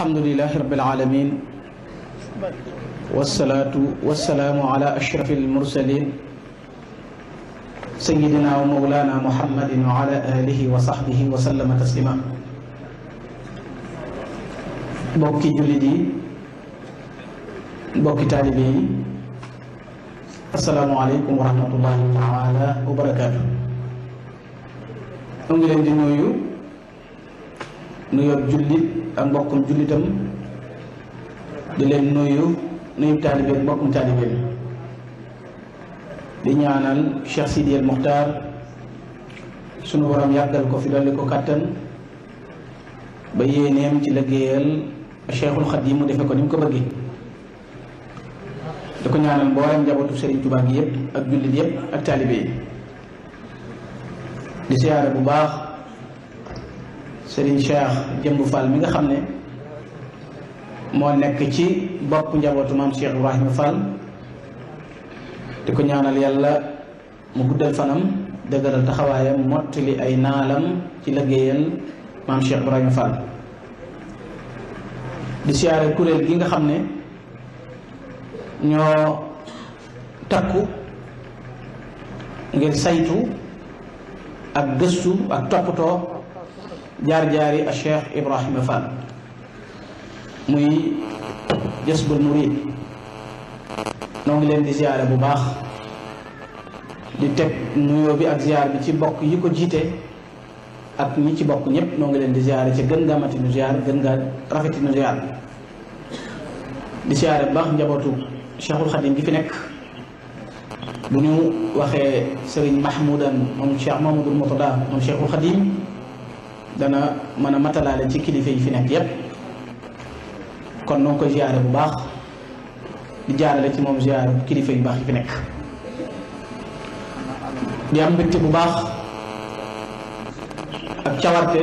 الحمد لله رب العالمين والصلاة والسلام على أشرف المرسلين سيدنا ومولانا محمد وعلى آله وصحبه وسلم تسليما بوكي جلدي بوكي طالبي السلام عليكم ورحمة الله تعالى وبركاته نجي لين دي نويو جلدي ak mbokkum jullitam di leen nuyu nuyu taalibe ak mbokkum taalibe di ñaanal Cheikh Sidi Muxtaar sunu borom yàggal ko fi dolli ko kàttan ba yéeneem ci liggéeyal Cheikhul yi mu defe ko ni mu ko bëggee di ko ñaanal mboolem njabootu Serigne Touba gi yëpp ak jullit yëpp ak taalibe di siyaare bu baax Serigne Cheikh Jëmb Fall mi nga xam ne moo nekk ci bopp njabootu maam Cheikh Ibrahima Fall di ko ñaanal yàlla mu guddal fanam dëgëral taxawaayam mottali ay naalam ci liggéeyal maam Cheikh Ibrahima Fall di siyaare kuréel gi nga xam ne ñoo takku ngir saytu ak gëstu ak toppatoo jaar jari a Cheikh ibrahim Fall muy jesbu Murid noo ngi di ziaré bu baax di tek nuyo bi ak ziar bi ci bok yi ko jité ak ñi ci bok ñep ngi di ziaré ci gën gamati nu ziar gën rafeti nu ziar di ziaré bu baax Cheikhul Khadim gi fi nek bu ñu waxee Serigne Mahmoudan mom Cheikh Mahmoudul Mourtada mom Cheikhul Khadim dana mën a matalaale ci kilifa yi fi nekk yépp kon noo koy ziyaare bu baax di jaarale ci moom ziyaare kilifa yu baax yi fi nekk di am mbégte bu baax ak cawarte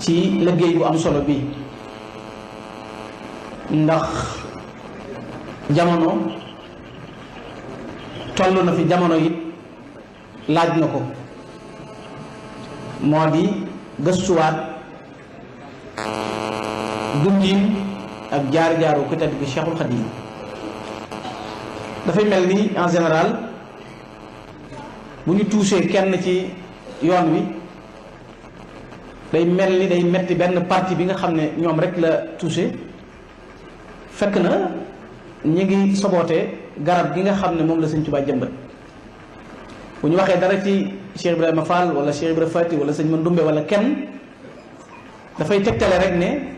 ci liggéey bu am solo bi ndax jamono toll na fi jamono it laaj na ko moo di gëstuwaat dundin ak jaar jaaro ku tedd bi Cheikhul dafay mel ni en général bu ñu tuusee kenn ci yoon wi day mel ni day metti benn parti bi nga xam ne ñoom rek la tuusee fekk na ñu ngi soboote garab gi nga xam ne moom la Sëñ Tuubaa jëmbat bu waxé dara ci Cheikh Ibrahima Fall wala Cheikh Ibrahima Fati wala sëñ Mandoumbe wala kenn fay tegtale rek né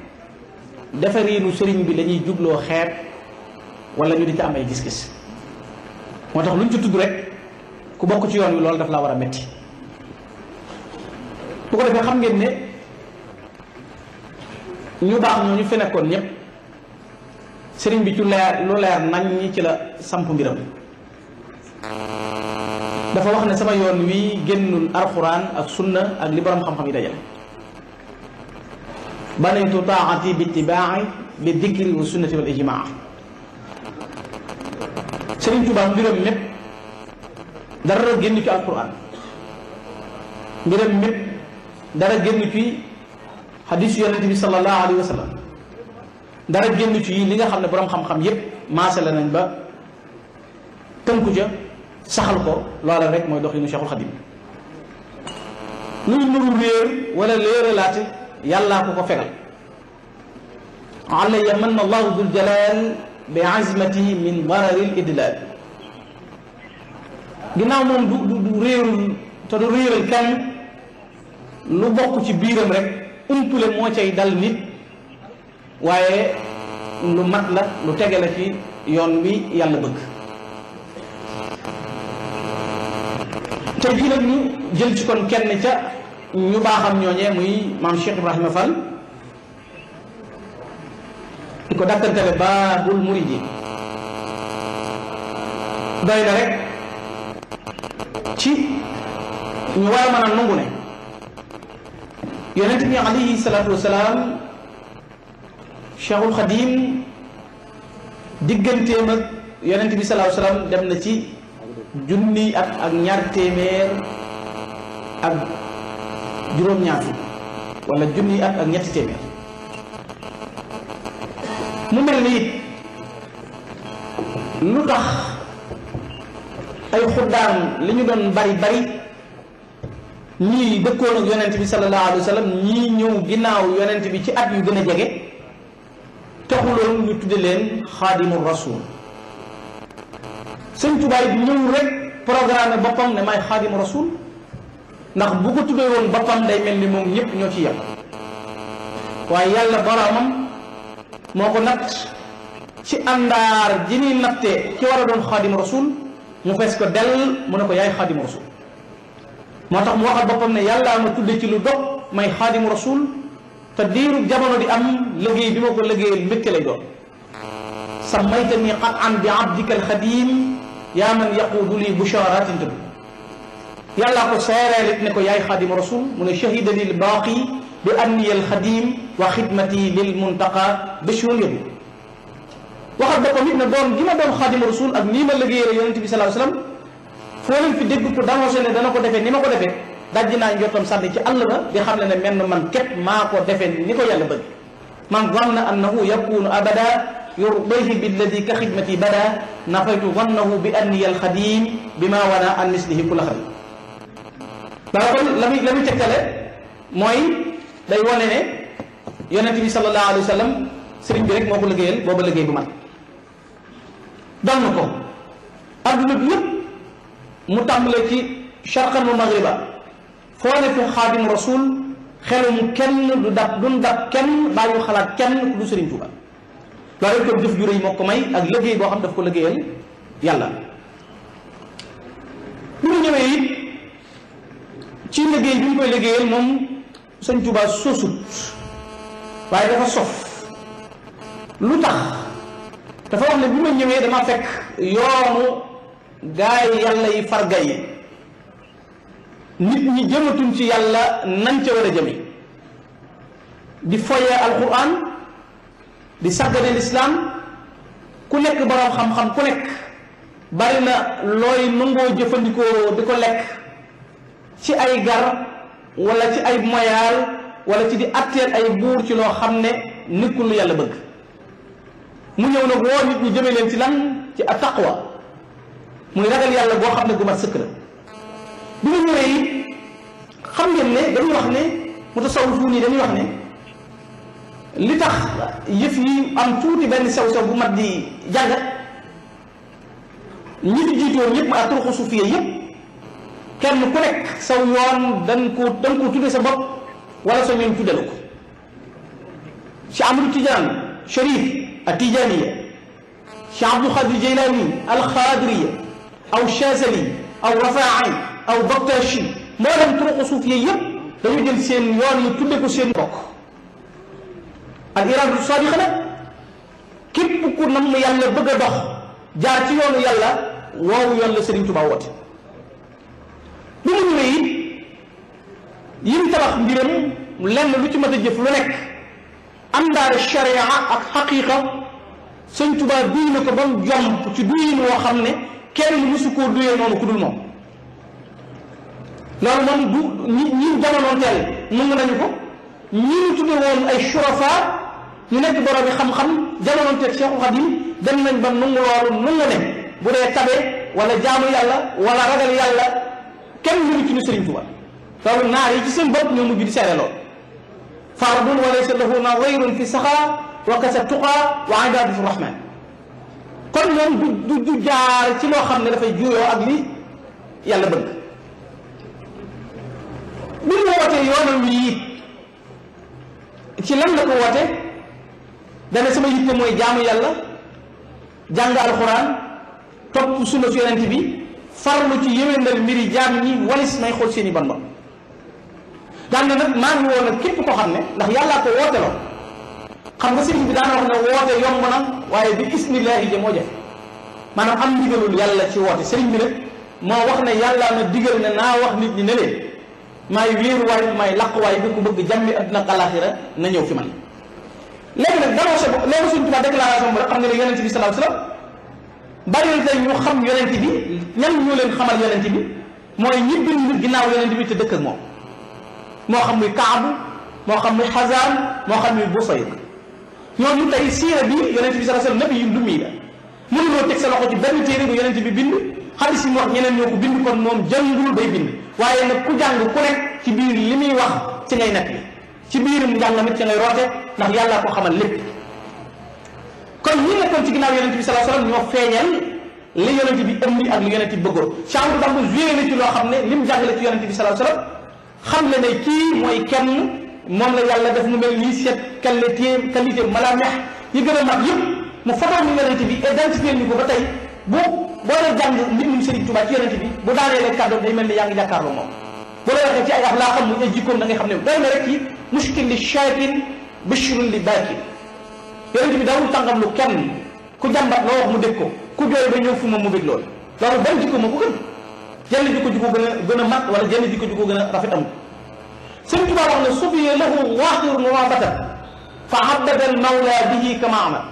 defariinu serigne bi dañuy jubloo xeet wala ñu di ci am ay gis-gis moo luñ ci tuddu rek ku bokku ci yoon yi lool daf la wara metti bu ko defé xam ngeen né ñu baax ñu fi nekkon ñep serigne bi ci leer lu leer nañ ñi ci la samp mbiram dafa wax ne sama yoon wi génnul alquran ak sunna ak li borom xam-xam yi dajale banaytu taati bi ittibaai bi dikri wa sunnati wal ijmaa Serigne Touba mbiram mepp dara génn ci alquran mbiram mepp dara génn ci hadis yonente bi Sallallahu alayhi wa sallam dara génn ci li nga xam ne borom xam-xam yépp maase la nañ ba tënku ja saxal ko loola rek mooy doxinu Cheikhul Xadim luy nuru réer wala léeralaate yàllaa ko ko fegal alaya man allahu dul jalal bi azmatihi min dararil idlal ginnaaw moom du du réerul te du réeral kenn lu bokk ci biiram rek umpule moo cay dal nit waaye lu mat la lu tege la ci yoon wi yàlla bëgg tey jii nag ñu jël ci kon kenn ca ñu baaxam ñooñee muy maam Cheikh Ibrahima Fall di ko dakkantale baabul muridi doy na rek ci ñu war a mën a nangu ne yonent bi alayhi salaatu wasalaam Cheikhul Xadim digganteem ak yonent bi salaatu wasalaam dem na ci junniy at ak ñaar téeméer ak juróom-ñaar fukk wala at ak ñetti téeméer mu mel ni lu tax ay xuddaam li ñu doon bari bari ñii dëkkoon ak yonent bi sallallahu alayhi wa sallam ñëw ginnaaw yonent bi ci at yu gën a jege taxuloon ñu tudde leen xaadimu rasul seigne touba yi ñëw rek programme boppam ne may khadim rasul ndax bu ko tuddee woon boppam day melni ni ñepp ñëpp ñoo ci yam way yalla boromam moko nat ci andar ji ni nattee ki doon rasul mu fess ko del mu ne ko yaay khadim rasul motax mu waxal bopam ne yalla ma tuddé ci lu dox may khadim rasul ta diru jamono di am liggey bima ko liggey mbégte lay do sammayta ni qat bi abdikal khadim yaa man yaquudu li busharatin tudd yàllaa ko seereel it ne ko yaay xaadimu rasul mu ne shahida lil baaqi bi anniya alxadim wa xidmati lil muntaqa bishun yabi waxal boppam it ne doon gi ma doon xaadimu rasul ak nii ma liggéeyal yonente bi salaa sallam foo leen fi dégg ko dangose ne dana ko defee ni ma ko defee dajji naa njottam sànni ci àll ba di xam le ne menn man képp maa ko defee ni ko yàlla bëgg man zanna annahu yakunu abada يرضيه بالذي كخدمتي بدا نفيت ظنه باني الخديم بما وراء عن مثله كل خير بابل لمي لمي تكتل موي داي وني يونتي صلى الله عليه وسلم سيرن بي رك موكو لغيال بوبا لغيي بما دال نكو ادنا بيب مو تامل سي شرقا ومغربا فوني في خادم رسول خلو مكن دو دون دا كن بايو خلات كن دو سيرن توبا loolu itam jëf ju moo ko may ak liggéey boo xam daf ko liggéeyal yàlla bu ñu ñëwee it ci liggéey bi ñu koy liggéeyal moom sëñ Tuubaa sosut waaye dafa sof lu tax dafa wax ne bi ma ñëwee dama fekk yoonu gaay yàlla yi farga yi nit ñi jëmatuñ ci yàlla nañ ca war a jëme di foye alquran di sàggane lislaam ku lekk boroom xam-xam ku nekk bari na looy nangoo jëfandikoo di ko lekk ci ay gar wala ci ay moyaal walla ci di atteel ay buur ci loo xam ne nekkul lu yàlla bëgg mu ñëw nag woo nit ñi jëme leen ci lan ci a taqwa muy ragal yàlla goo xam ne gu mat sëkk la bi mu ñëwee it xam ngeen ne dañuy wax ne mu tasawuf nii dañuy wax ne li tax yëf yi am tuuti benn sew sew bu mat di jàngat ñi fi jiitoon yëpp ak turuxu suufiya yëpp kenn ku nekk saw yoon da nga koo da nga koo tudde sa bopp wala sa ñoom tuddal ko Cheikh Amadou Tidiane Cherif Atijaniya Cheikh Abdou Khadir Jeylani Alxaadiriya aw Chazali aw Rafaai aw Baktashi moo dem turuxu suufiya yëpp dañu jël seen yoon yi tudde ko seen bokk الإيران رسالة خلا كيف بكون نم يالله بقدر جاتي يوم يالله واو يالله سرير تباوت بمنو مين يم تبغ ديرم لين نبتي ما تجف لك أم دار الشريعة أحقيقة سن تبا دين كبر يوم تدين وخمنه كل مسكور دين ما نقول ما لا من دو نيم دار نوتيال من عندكم نيم تبغون أي شرفات ينك برامي خم خم جلو من تكشيخ خديم دم من بن نمو لارو نمو نم بودة يتبه ولا جامو يالله ولا رجل يالله كم نمو كنو سرين توا فهو ناري جسم بط نمو جدي سعر الله فاربون وليس له نظير في سخرة وكسب تقى وعداد في الرحمن كل يوم دو جار سلو خم نلفي جوي وعدلي يالله بند من هو تيوان الميت شلون لك هو تيوان dana sama yitte mooy jaamu yàlla jàng alxuraan topp sunna su yonent bi farlu ci yéwénal mbiri jaam ñi walis may xool seeni i ban ba daan na nag maa ngi woon nag képp ko xam ne ndax yàllaa ko woote la xam nga sëriñ bi daana wax ne woote yomb na waaye bi ismillahi ja moo jafe maanaam am ndigalul yàlla ci woote sëriñ bi nag moo wax ne yàllaa na digal ne naa wax nit ñi ne leen maay wéeruwaay maay laqwaay bi ku bëgg jàmmi àdduna ak alaaxira na ñëw léegi nag danoo sa loolu suñ tubaab déclaration bi rek xam nga ne yonent bi salaahu salaam bari na tey ñu xam yonent bi ñan ñoo leen xamal yonent bi mooy ñi bind ginnaaw yonent bi te dëkk ak moom moo xam muy Kaabu moo xam muy Xazaan moo xam muy Busayr ñooñu tey siira bi yonent bi salaahu salaam nabi yu ndummi la mënuloo teg sa loxo ci benn téere bu yonent bi bind xadis yi mu wax ñeneen ñoo ko bind kon moom jàngul day bind waaye nag ku jàng ku nekk ci biir li muy wax ci ngay nekk ci biirum njàng mit ci ngay roote ndax yàlla ko xamal lépp kon ñi nekkoon ci ginnaaw yonente bi salaa salaam ñoo feeñal li yonente bi ëmbi ak li yonente bi bëggoon Cheikh Bamba joué na ci loo xam ne lim jàngale ci yonente bi salaa salaam xam le ne kii mooy kenn moom la yàlla def mu mel nii seet qualité qualité malaamex yi gën a mag yëpp mu fotoon ñu yonente bi identifié ñu ko ba tey bu boo dee jàng nit ñi Serigne Touba ci yonente bi bu daanee rek kàddoom day mel ni yaa ngi jàkkaarloo moom bu la waxee ci ay axlaaqam muy ay jikkoom da ngay xam ne doy na rek ci muskil li shaytin bashirun li baakin yonent bi daawul tàngam lu kenn ku jàmbat loo wax mu dégg ko ku jooy ba ñëw fu ma mu bég loolu loolu ban jikko ma ko gën jenn jikko ju ko gën a gën a mat wala jenn jikko ju ko gën a rafet am Sëñ Tuubaa wax ne sufiya lahu waaxirun wa batat fa habbada al mawla bihi kama amal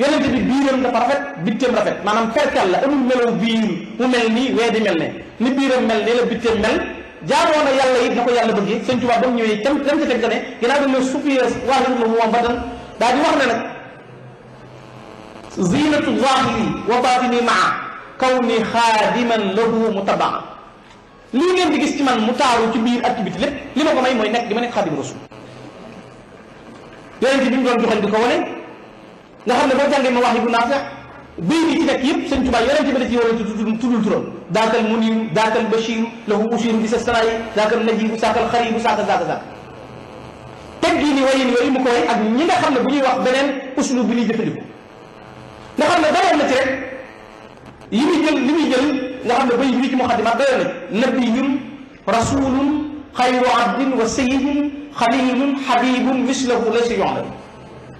yonent bi biiram dafa rafet bitteem rafet maanaam ferkal la amul melaw biir mu mel nii wee di mel ne ni biiram mel nii la bitteem mel jaamoon na yàlla it na ko yàlla bëgg sëñ Tuubaa ba mu ñëwee tam tam ci fekk ne ginnaaw bi mu suppiye waahiru la mu moom batan daal di wax ne nag zinatu zahiri wa batini maa kaw ni xaadiman lahu mutabaa lii ngeen di gis ci man mu taaru ci biir ak ci biti lépp li ma ko mo mooy nekk di ma nekk xaadim rasul yonent bi mu doon joxañ di ko wane nga xam ne boo jàngee ma wax yi bu naafeq بيجي كده كيب سنجوبا يرن تبلي تيوان تطلع تطلع تطلع داخل مونيو داخل بشيم له وشين في سسراي داخل نجيب وساق الخريب وساق ذاك ذاك تبيني وين وين مكوي أغني لا خلنا بني وقت بنن وشنو بني جفلي لا خلنا ده ولا ترى يميجل يميجل لا خلنا بني بني كم خدمة ده نبي يوم رسول خير عبد وسيد خليل حبيب مثله ليس يعلم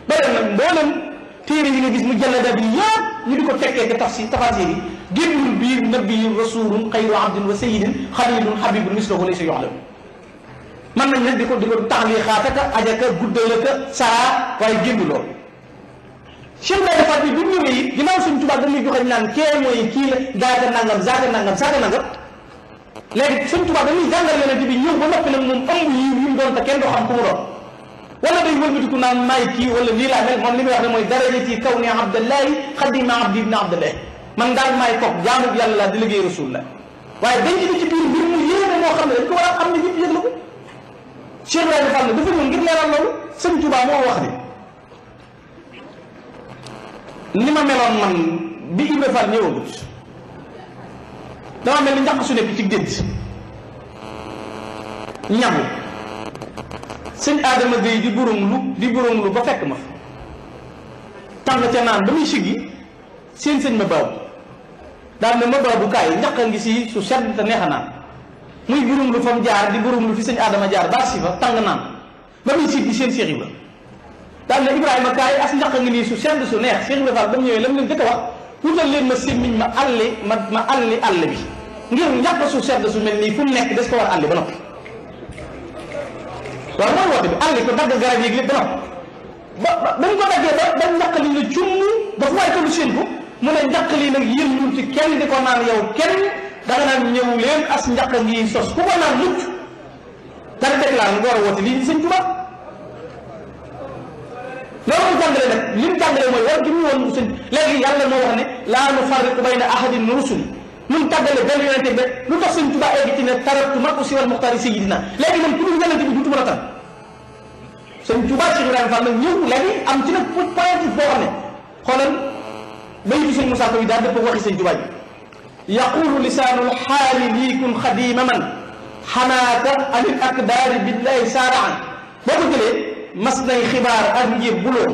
بدل من بولم téere yi nga gis mu jallada bi yëpp ñu di ko fekkee te tafsir tafasir yi génnul biir nabiyun rasulun xayru abdin wa sayidin xalilun habibun mislahu laysa yuxlam mën nañ nag di ko di ko taxliixaataka ajaka guddalaka saraa waaye génn lool Cheikh Baye Faat bi bu ñëwee it ginnaaw suñ tubaab dañuy joxe naan kee mooy kii la gaaka nangam zaaka nangam zaaka nangam léegi suñ tubaab dañuy jàngal yonente bi ñëw ba noppi nag moom ëmb yi ñu doon te kenn doo xam ku mu wala day wëlbatiku naan maay kii wala lii laa mel moom li muy wax ne mooy darajati kaw ni abdallahi xadima abdi ibn abdallah man daal maay koog jaamub yàlla laa di liggéey rasul la waaye dañ ci biir mbir mu yéeme moo xam ne dañ ko war a xam ne ñëpp yëg la ko Cheikh Ibrahima Fall dafa ñëw ngir leeral loolu sëñ Tuubaa moo wax ni ni ma meloon man bi Ibrahima Fall ñëwagut dama mel ni njàpp su nekk ci gént ñamu sëñ aadama Gueye di burum lu di burum lu ba fekk ma tànn ca naan ba muy siggi seen sëñ ma baabu daan ne ma baabu kaay njaq a ngi si su sedd te neex a naan muy burum lu fam jaar di burum lu fi sëñ Adama jaar baat si fa tàng naan ba muy siggi seen Cheikh Ibra daal ne Ibrahima kaay as njaq a ngi su sedd su neex Cheikh Ibra Fall ba mu ñëwee lam leen dëkk wax wutal leen ma sémmiñ ma àlli ma ma àll bi ngir njaq su sedd su mel nii fu mu nekk des ko war àlli ba noppi loolu mooy woote bi àll ko dagg garab yi lépp dana ba ba dañ ko daggee ba ba njaq li ne cumm dafa waaye tollu seen ko mu ne njaq lii nag yéen ñu ci kenn di ko naan yow kenn danga naan ñëw leen as njaq ngi sos ku ko naan mucc dara teg laa nga war a woote lii di sëñ Tuubaa loolu mu jàngale nag li mu jàngale mooy war mu woon sëñ léegi yàlla moo wax ne laa nu farriqu bayna ahadin min rusuli mun tàggale benn yonente lu tax sëñ Tuubaa egg ci ne taratu mag aussi wal muxtaari sayidina léegi moom ku dul yonente bi duutu mën a tan sëñ Tuubaa Cheikh Ibrahima Fall nag ñëw léegi am ci nag pointif boo xam ne xoolal bayitu sëñ Moussa Ka yi daal dëpp waxi sëñ Tuubaa ji yaqulu lisaanul xaali lii kun xadiima man xanaata anil akdaari billahi saaraan boo ko jëlee mas nay xibaar ak njir buloo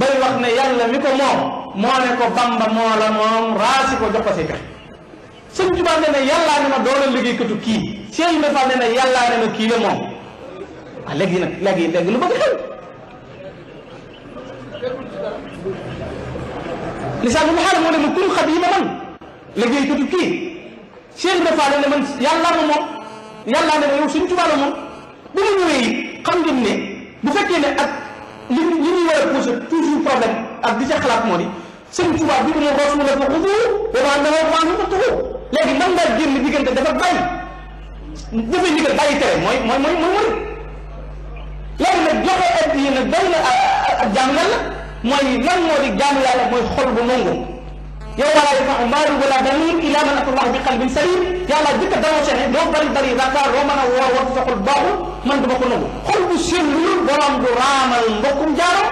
bay wax ne yàlla mi ko moom moo ne ko bamba moo la moom raasi sëñ Tuubaa nee na yàllaa ne ma dooleel liggéeykatu kii Cheikh Ibrahima Fall nee na yàllaa ne ma kii la moom ah léegi nag léegi léegi lu bëgg xew lisaan bu xaal moo ne ma kun xat yi ma man liggéeykatu kii Cheikh Ibrahima Fall ne man yàllaa ma moom yàllaa ne ma yow sëñ Tuubaa la moom bu ma ñëwee xam ngeen ne bu fekkee ne ak li li ñuy war a posé toujours problème ak di ca xalaat moo di sëñ Tuubaa bi mu ne roosu la fa xudu wa maa nahaa anhu fantahu léegi mën nga génn diggante dafa bay dafay diggante bàyyi tere mooy mooy mooy mooy murit léegi nag joxe addi yi nag doy na ak jaam yàlla mooy lan moo di jaam yàlla mooy xol bu nangu yow wala yafau maalun wala banuun illaa man ata llaah bi qalbin saliim yàlla jëkk a dawoo seen doo bari bari bàkkaar doo mën a woor war soxul baaxu man dama ko nangu xol bu sellul borom du raamal mbokkum jaaram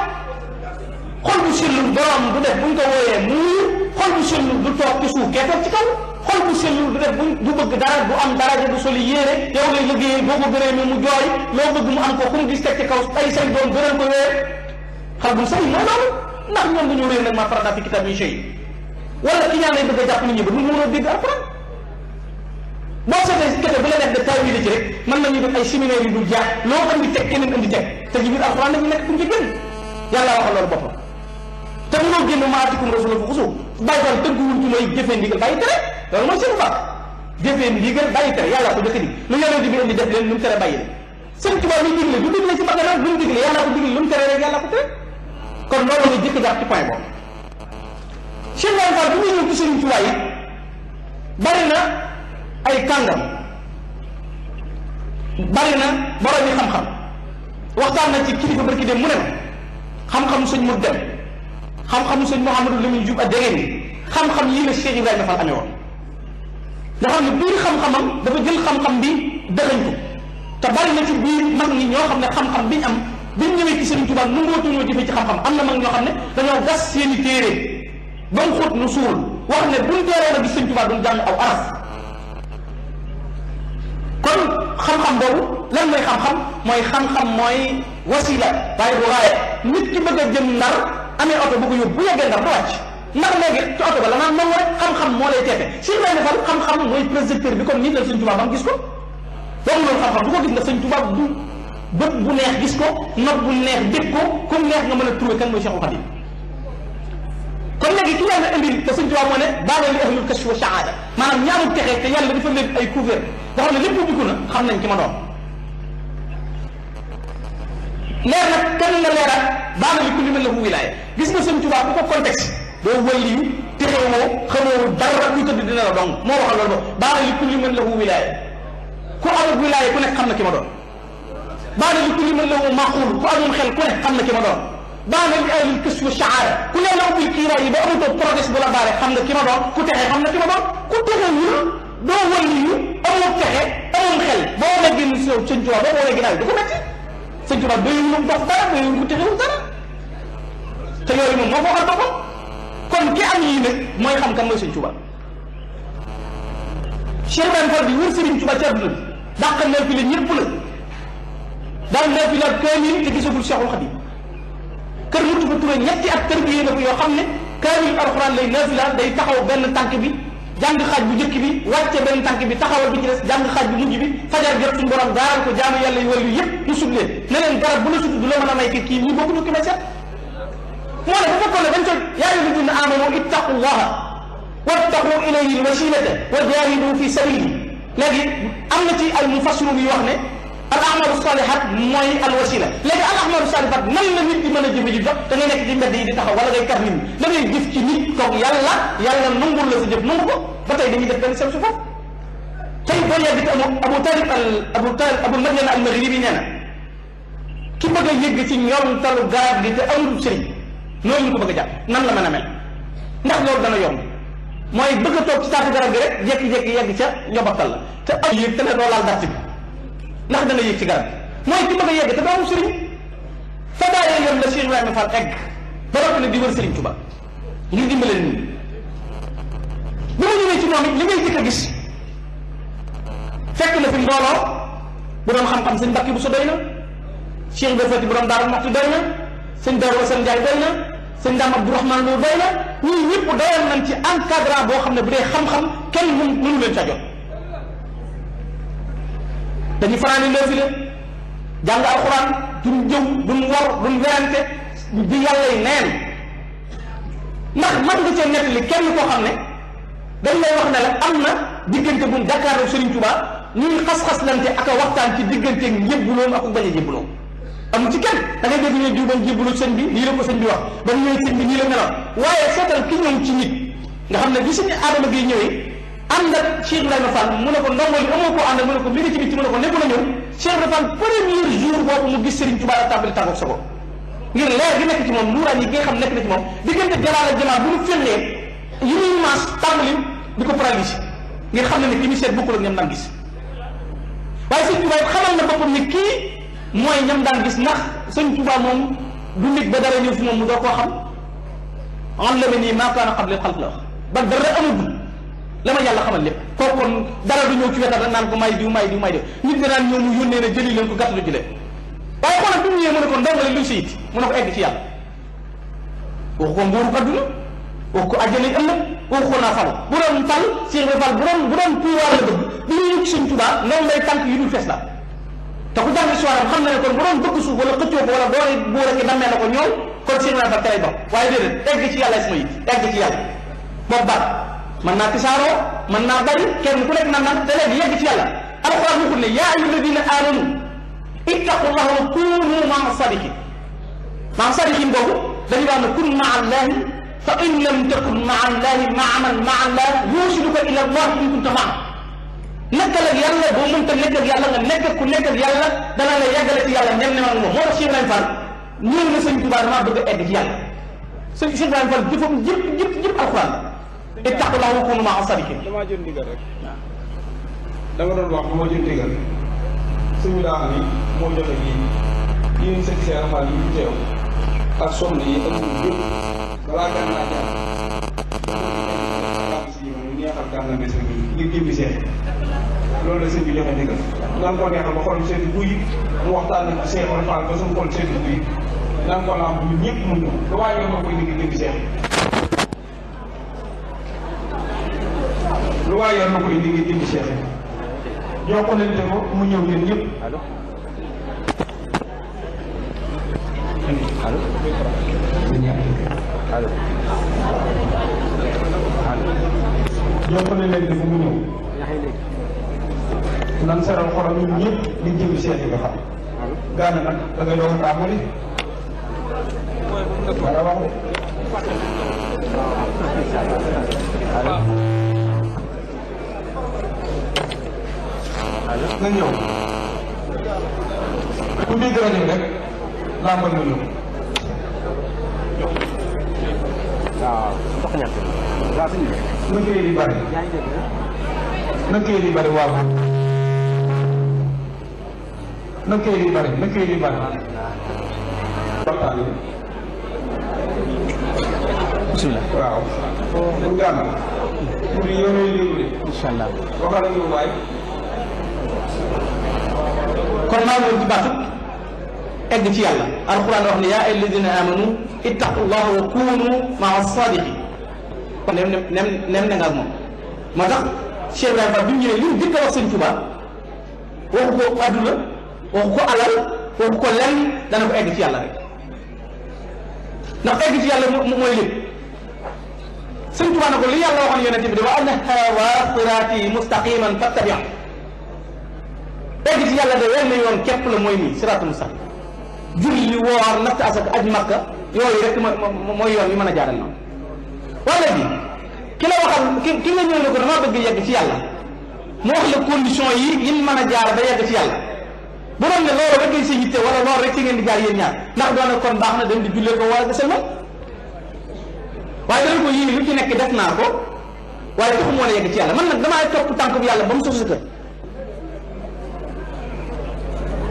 xol bu sellul borom du def buñ ko wooyee muur xol bu sellul du toog ci suuf kee toog ci kaw xol bu sellul du def du bëgg dara du am daraja du soli yéene yow lay liggéeyal boo ko gëree mi mu jooy loo bëgg mu am ko xum kaw ay say doom gëral ko weer xal bu sell mooy loolu ndax ñoom dañoo réer nag maa farata fi kitaab yi shay wala ki ñaan lay bëgg a jàpp nit ñi ba duñ mën a dégg alquran boo seetee kete bu la def de tawil ci rek mën nañu def ay séminaire yi dul jeex loo andi teg keneen andi teg te ci biir alquran dañu nekk fu ñu ci génn yàlla waxal baytan tënkuwul ci looy jëfee ndigal bàyyi tere loolu mooy seen faat jëfee ndigal bàyyi tere yàlla ko jëkk di lu yonente bi indi def leen lu mu tere bàyyi leen seen tubaab luy digle lu digle ci magana lu mu tere rek yàlla ko tere kon loolu la jëkk jàpp ci point boobu Cheikh Ibrahima Fall bu ñuy ñëw ci Sëriñ Tuubaa yi bari na ay kàngam bari na borom yi xam-xam waxtaan na ci kilifa barki dem mu ne xam-xam suñ mu dem xam-xamu sëñ Mouhamadou Lamine jub a dégeen xam-xam yii la Cheikh Ibrahima Fall amee woon nga xam ne biir xam dafa jël xam-xam bi dëxañ ko te bari na ci biir mag ñi xam ne xam-xam biñ am biñ ñëwee ci Sëriñ Tuubaa nangootuñoo jëfe ci xam-xam am na mag ñoo xam ne dañoo gas seeni téere ba mu xóot nu suul wax ne buñ teeroon a gis Sëriñ Tuubaa duñ jàng aw araf kon xam-xam boobu lan mooy xam-xam mooy wasila waaye bu raaya nit ki bëgg amee oto bu ko yóbbu bu yeggee ndar du wàcc ndax léegi ci oto ba la naan xam-xam moo lay teete Cheikh Ibrahima Fall xam-xam mooy précepteur bi comme nit la sëñ Tuubaa ba mu gis ko boobu loolu xam-xam du ko gis ndax sëñ Tuubaa du bët bu neex gis ko nopp bu neex dégg ko comme neex nga mën a trouvé kan mooy Cheikhul Khadim kon léegi ki yàlla indi te sëñ Tuubaa moo ne baada li ahlul kashf wa shahaada maanaam ñaamul texe te yàlla dafa leen ay couvert nga xam ne lépp ubbiku na xam nañ ci ma doon leer nag kenn la leeral baana li kulli mën la fu wilaaya gis nga sëñ Tuubaa bu ko contexte doo wël yi texewoo xamoo dara lu tëdd la dong moo waxal loolu baana la fu wilaaya ku amul wilaaya ku nekk xam na ki ma doon baana li kulli mën la fu maaxuul ku amul xel ku nekk xam na ki ma doon baana li ahlil kës shaara ku leen la ubbil kiiraay yi ba amatoo protest bu la baare xam nga ki ma doon ku texe xam na ki ma doon ku texewul doo wël yi amoo texe amoon boo leggin sëñ Tuubaa boo boo leggin ay sëñ Tuubaa doyul moom dox dara doyul ko texewul dara te moo ko waxal kon ki am yii nag mooy xam kan mooy sëñ Tuubaa Cheikh Ibrahima Fall di wër Sëriñ Tuubaa ci àdduna bi dàqal naa fi la ñëpp la daal naa fi la kaamil te gisagul Cheikhul Xadim kër Murtada Touré ñetti at tërbiye na ko yoo xam ne kaamil alxuraan lay naafila day taxaw benn tànk bi جانغ خاد بيجي كبي واتي بين تانك بي تخا ولا بيجي جانغ خاد بيجي فجر جرب تيم برام دارم كجامي يلا يقول لي يب نسوبلي نلين دار بلو سوت دلوا منا مايك كي مي بكو نوكي مسيا ما له فكر له يا يلي دين آمن واتق الله واتقوا إليه المشيلة وجاهدوا في سبيله لكن أمتي المفسر ميوهنه al ahmadu salihat mooy al wasila léegi al ahmadu salihat nan la nit di mën a jëfe ji jot da ngay nekk ci di taxaw wala ngay kar nit ñi da ngay ci nit kooku yàlla yàlla la sa jëf nangu ba tey dañuy def benn seen su foofu tey boo yegg ci abu abu talib al abu na ki bëgg a yëgg ci ñoom talu gaar gi te amul sëriñ noonu ñu ko bëgg a jàpp nan la mën a mel ndax loolu dana yomb mooy bëgg a toog ci taatu garab gi rek jékki-jékki yegg ca ñobatal la te am yëg te bi ndax da nga yéeg ci garab bi mooy ki bëgg a yegg te doo am sëriñ fa daayee yoon la Cheikh Ibrahima Fall egg ba noppi nag di wër Sëriñ Tuba ngir dimbale nit ñi bi ma ñëwee ci moom it li ngay a gis fekk na fi mbooloo bu doon xam-xam sëñ Mbàkke bu so doy na Cheikh Ibrahima Fall bu doon Daaru Muxti doy na sëñ Daaru Asan Njaay doy na sëñ Daam Abdourahmane Lo doy na ñii ñëpp doyoon nañ ci encadrement boo xam ne bu dee xam-xam kenn mënu leen ca dañu fanaani loosi la jàng alxuraan duñ jëw duñ wor duñ werante di yàlla yi neen ndax man seen cee nettali kenn koo xam ne dañ lay wax ne la am na diggante buñ jàkkaarloo Serigne Touba ñuy xas-xaslante ak a waxtaan ci diggante njëbbuloom ak bañ a jëbbuloom amul ci kenn da ngay dégg ñu jiw jébbalu sëñ bi lii la ko sëñ bi wax ba mu ñëwee bi nii la meloon waaye seetal ki ñëw ci nit nga xam ne bi suñu aadama gi ñëwee ànd ak Cheikh Ibrahima Fall mu ne ko ndongo li amoo koo ànd mu ko mi ngi mu ne ko nekku na ñëw Cheikh Ibrahima Fall premier jour boobu mu gis Serigne Touba la gi nekk ci moom nuuraan yi gi nga xam ko paralysé ki ñu seet bokkul gis waaye Serigne Touba it xamal na boppam ne kii mooy ñam daan gis ndax Serigne Touba moom du nit ba dara ñëw fi moom mu doo koo xam en leme kaana qabla la wax ba dara amagul la ma yàlla xamal lépp kooku kon dara du ñëw ci wetam rek naan ko may diw may diw may diw nit ñi daan ñëw mu yónnee na jëli ko gàttu ji leen waaye xoolal bi yi ëllëg waxu ko naa fal bu doon fal Cheikh Ibra Fall bu doon bu doon pouvoir la bëgg bi ñu ñëw ci Sëñ Tuubaa noonu lay tànk yu dul fees la te ku jàng histoire am xam na ne kon bu doon bëgg suuf wala xëccoo ko wala doole buur ak dammee na ko ñoom kon Cheikh Ibra Fall tey ba waaye déedéet egg ci yàlla sama it egg ci من ناتسارو من نادر كم كلك من نادر ليه بتيلا أنا يقول لي يا أيها الذين آمنوا اتقوا الله وكونوا مع الصادقين مع الصادقين بقول ذلك أن كن مع الله فإن لم تكن مع الله مع من مع الله يوصلك إلى الله إن كنت معه نك لك يلا بومن تنك لك يلا نك كلك يلا دنا لا يجعل يلا نم نم نم هو شيء من فار نيم نسنج بارما بدو إد يلا سنجش من فار جيب جيب جيب جيب أقوال ittaqullah wa kunu maa sadiqin damaa jël ndigal rek da nga doon wax ba ma jël ndigal suñu daax bi moo joxe yi yéen seen seen xaal yi teew ak sonn ak yëpp balaa gànnaaw jaar si ñu neexal gànnaaw seen ngir jëmbi seen loolu la sëñ bi joxe ndigal nan ko neexal ba xool seen buy mu waxtaan ak seen xol faal ba suñu xool seen buy nan ko laam bu mu ñëw lu waay yoon na ko indi ngir indi seexe jokkalante ko mu ñëw yéen ñëpp allo allo jokkalante ko mu ñëw nan ñun di jëm seexe ba xam gaana nag da ngay doon tàmbali dara na ñëw ku dégg rajo rek laa mën na ñëw. waaw ndox ñett waaw sëñ bi. na kii di bari. na kii di bari waaw. na kii di bari na kii di bari. waxtaan yi. bisimilah waaw. bu gàmm. pour yore lii. incha allah waxal ak yow waay. kon maa ngi woon ci baatu egg ci yàlla alxuraan wax ne yaa ay ladina amanu ittaqullaha wa kunu maa sadiqin kon nem nem nem na nga ak moom moo tax Cheikh Ibrahima Fall bi mu ñëwee li mu jëkk a wax sëñ Tuubaa waxu ko àdduna waxu ko alal waxu ko lenn dana ko egg ci yàlla rek ndax egg ci yàlla mooy lépp sëñ Tuubaa na ko li yàlla waxoon yonente bi dafa anna hawa siraati mustaqiman fattabi' egg ci yàlla de wenn yoon képp la mooy nii siraatul mustaqim julli woor natt asak aj makka yooyu rek mooy yoon yi mën a jaaral noonu bi ki la ki nga ñëw ne ko dama bëgg ci yàlla mu wax condition yi yin mën a jaar ba yegg yàlla bu doon ne loolu rek ngay sa yitte wala loolu rek ci ngeen di jaar yéen ñaar ndax doona kon baax na dem di jullee ko wala desal ma waaye dana ko yii lu ci nekk def naa ko waaye taxu moo la yegg ci yàlla man nag damaa topp tànk bu yàlla ba mu sof sa kër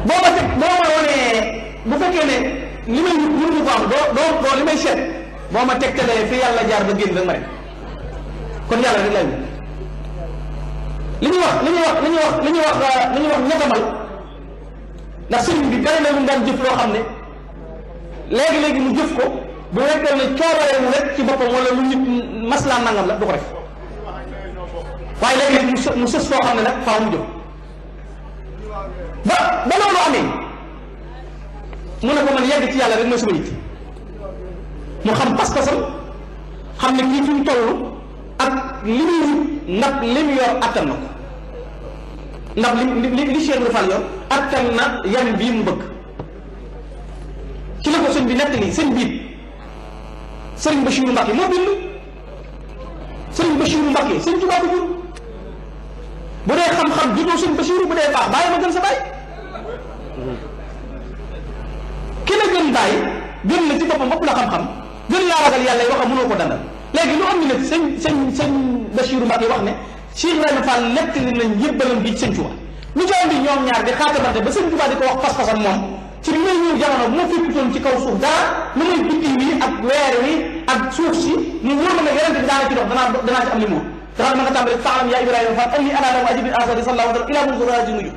booba te boo ma wanee bu fekkee ne li may wut mënuñu ko am doo doo li may seet boo ma tegtalee fi yàlla jaar ba génn da ma rek kon yàlla rek lay li ñuy wax li ñu wax li ñuy wax li ñuy wax euh, li ñuy wax ñettamal ndax sëriñ bi bari na lu mu daan jëf loo xam ne léegi-léegi mu jëf ko bu fekkee ne coobareewu rek ci boppam wala lu nit maslaan nangam la du ko def waaye léegi-léegi mu sës foo xam ne nag faaw mu jóg ba ba loolu amee mu ne ko man yegg ci yàlla rek mooy sama mu xam pas-pasam xam ne kii fi mu toll ak li muy ndax li mu yor attan na ko ndax li li li Cheikh Fall yor attan na yan bii mu bëgg ci la ko sëñ bi nett nii sëñ biit sëriñ Bachir Mbacke moo bind sëriñ Bachir Mbacke ne Tuubaa ko jur bu dee xam-xam judoo sëñ Bachir bu dee baax bàyyi ma gën sa bàyyi ki la gën bàyyi gën la ci boppam ëpp la xam-xam gën laa ragal ko dandal léegi lu am ni nag sëñ sëñ wax ne Cheikh Ibrahima Fall nekk li nañ yëbbalam bi sëñ Touba lu ci andi ñoom ñaar di xaatamante ba ci bi may ñëw jamono moo wi ak weer wi ak suuf si mu wóor ne yonente bi daana ci dox danaa ci am li mu ma nga tàmbali faalam yaa Ibrahima Fall anni ana lahu ajibin asari sallallahu alayhi wa sallam ila mun zurati nuju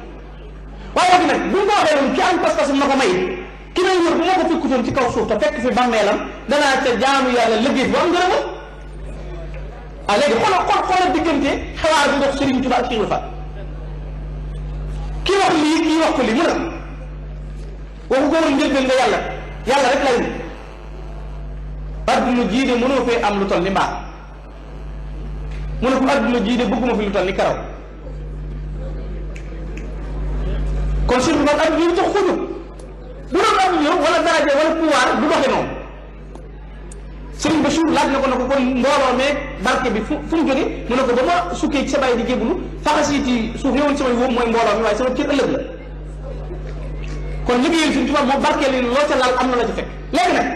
waaye nag bu ñu ko waxee noonu ki ki may wër bu ma ko fekkutoon ci kaw suuf te fekk fi bàmmeelam danaa ca jaamu yàlla liggéey bu am ngërëma ah léegi xoolal xool xoolal diggante xawaar bi ndox Serigne Touba ak Cheikh Ibra Fall kii wax lii kii wax ko lii mën a waxu góor njëlbeen nga yàlla yàlla rek lay ni adduna jii de mënoo fee am lu toll ni mbaar mu ne ko adduna jii de bëgguma fi lu toll ni karaw kon Cheikh Ibra Fall adduna yi tax xujub bu doon am ñëw wala daraje wala bu du doxe moom Serigne Bachir laaj na ko na ko kon mbooloo barke bi fu fu mu jógee mu ne ko ba ma sukkee ci sa bàyyi di jébbalu faxasi ci suuf ñëwoon samay wóob mooy mbooloo mi waaye sama cër ëllëg la kon liggéeyal Serigne Touba moom barkeel yi loo ca laal am na la ci fekk léegi nag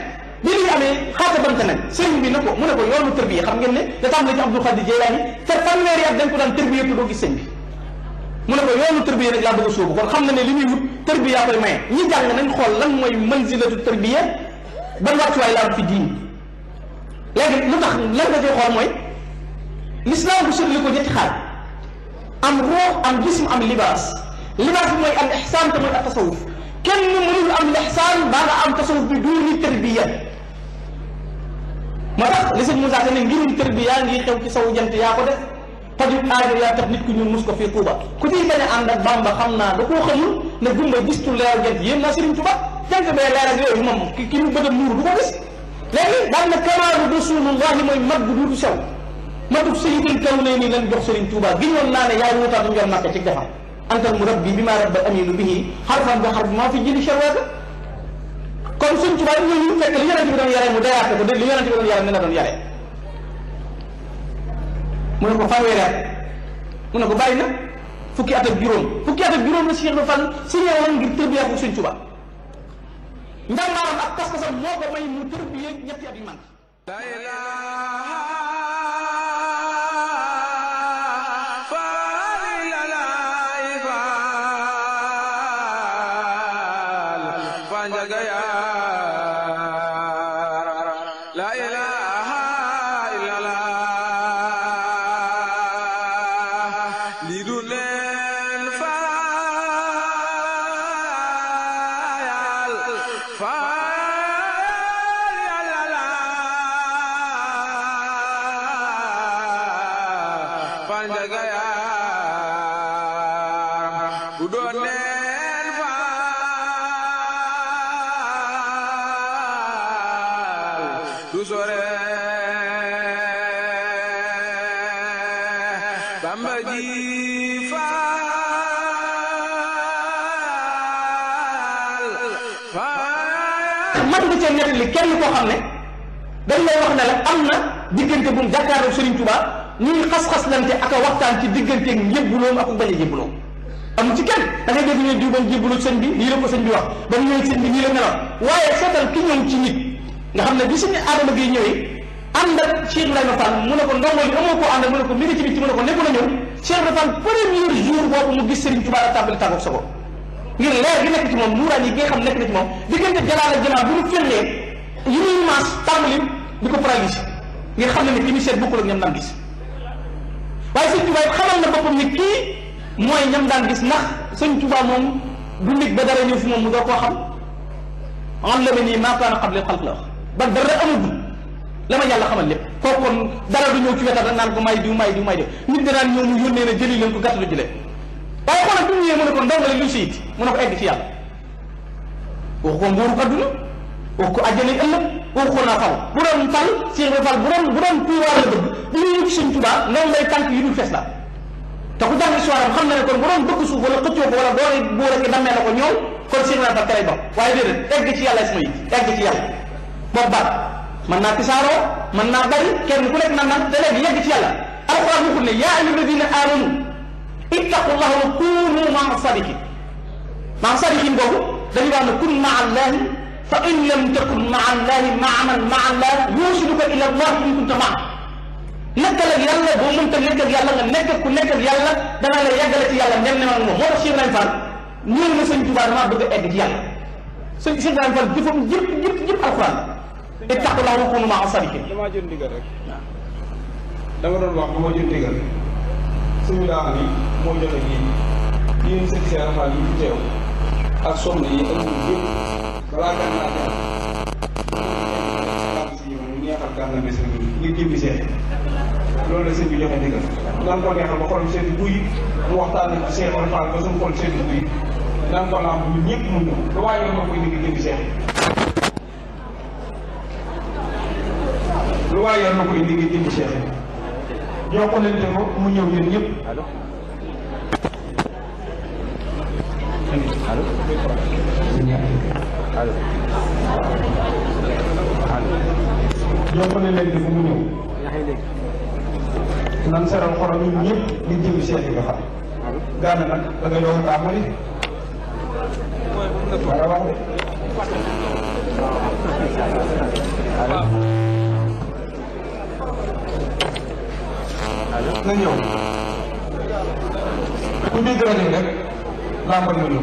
bi li amee xaata bante nag sëriñ bi na ko mu ne ko yoonu tër bi xam ngeen ne da tàmbali ci Abdul Xaadir Jilaani te fanweeri at dañ ko daan tër bi yëpp doo gis mu ne ko yoonu tërbiya nag laa bëgg a sóobu kon xam na ne li muy wut tërbiya koy maye ñi jàng nañ xool lan mooy manzilatu tërbiya ban wàccuwaay laa fi diin léegi lu tax lan nga cay xool mooy lislaam bu sëtli ko ñetti xaaj am ruux am jism am libaas libaas bi mooy al ixsaan te mooy ak tasawuf kenn mënul am lixsaan baa nga am tasawuf bi duuni tërbiya moo tax li sëñ Moussa ne ngirum tërbiya ngi xew ci saw jant yaa ko def تجد حاجة يا تبنيك كنون مسك في كوبا كذي بني عندك بام بخمنا لو خيو نقوم بجس تلا جد يم ناسير كوبا جنب بلا رجل إمام كي كي نبدا نور لو بس لكن بعد كما رسول الله ما يمد بدور شو ما تفسي في الكونين من الجوف سير كوبا جنب نانا يا روتا دنيا ما كتجدها أنت المربي بما رب أمين به حرفا بحرف ما في جيل شرورة كونسنت بعدين يوم فكرينا نجيب دنيا مدايا كده ليه نجيب دنيا منا دنيا mu ne ko fanweeri at mu ne ko bàyyi na fukki at ak juróom fukki at ak juróom la Cheikh Ibra Fall signé woon ngir tërbiya ko Sëñ Tuubaa ak pas-pasam moo ko may mu tërbiya ñetti at yu kenn koo xam ne dañ lay wax ne la am na bu mu jàkkaarloog Serigne Touba ñuy xas-xaslante ak waxtaan ci digganteeg njëbbuloom ak bañ a jëbbuloom am ci kenn da ngay dégg ñu diw bañ jëbbulu sëñ bi lii la ko sëñ bi wax ba mu ñëwee sëñ bi lii la meloon waaye seetal ki ñëw ci nit nga bi ak Cheikh mu ne ko ndongo mu ne ko ci mu ne ko na ñëw Cheikh premier jour boobu mu gis Serigne Touba la tàmbali tàggoog sa ngir leer gi nekk ci moom nuuraan gi xam nekk ci jalaal bu mu yu mas tàmm lim di ko faral gis nga xam ne ne ki ñu seet bokkul ak ñam daan gis waaye sëñ Tuubaa xamal na boppam ni kii mooy ñam daan gis ndax sëñ Tuubaa moom du nit ba dara ñëw fi moom mu doo koo xam am la ma nii maa kaana xable xalq la wax ba dara amagul la ma xamal lépp kooku kon dara du ñëw ci wetam rek naan ko may diw may may nit na leen ko mu ne ko ndaw la lu ko ko kooku àjjana ëllëg kooku na fal bu doon fal Cheikh Ibra Fall bu doon bu doon pouvoir la bëgg bi ñuy yëg Sëñ Tuubaa noonu lay tànk yu dul fees la te ku jàng histoire am xam na ne kon bu doon bëgg suuf wala xëccoo ko wala boole buur ak dammee na ko ñëw kon Cheikh Ibra Fall ka lay dox waaye déedéet egg ci yàlla isma yi egg ci yàlla boobu baat mën naa tisaaroo mën naa bari kenn ku nekk mën naa te léegi yegg ci yàlla alxuraan waxul ne yaa ayyuha alladina amanu ittaqullaha wa kunu maa sadiqin maa sadiqin boobu dañu daan ne kun maa allahi fa in lam takun maa allahi maaman maa allah yuusiluka ila allah in kunta maa nekkal ak yàlla boo mënta nekk ak yàlla nga nekk ku nekk ak yàlla danaa la yàggale ci yàlla nem ne ma moom moo tax Cheikh Ibrahima Fall ñëw na sëñ Tuubaa damaa bëgg a egg ci yàlla sëñ Cheikh Ibrahima Fall jëfam jëpp jëpp jëpp alquran te taxu laa waxoon maa asadiqin damaa jël ndigal rek danga doon wax dama jël ndigal suñu daa bi moo joxe gi yéen sëñ Cheikh Fall yi fi teew ak soxna yi amul yëpp balaa gànnaaw jàll ñu neexal gànnaaw bi sëñ bi ñu jëmmi seen loolu la sëñ bi joxe ndigal nan ko neexal ba xolam sedd buy mu waxtaan ak seen xol faal ba suñu xol sedd buy nan ko laam bu ñëpp allo allo allo. ñoo ko ne léegi bu mu ñëw. yaa ngi dégg. nan seeral xorom ñun ñëpp di jëm Cheikh Ibra Fall. Gana nag da nga doon tàmbali. wala wax de. na ñëw ku dégg rek laa mën na ñëw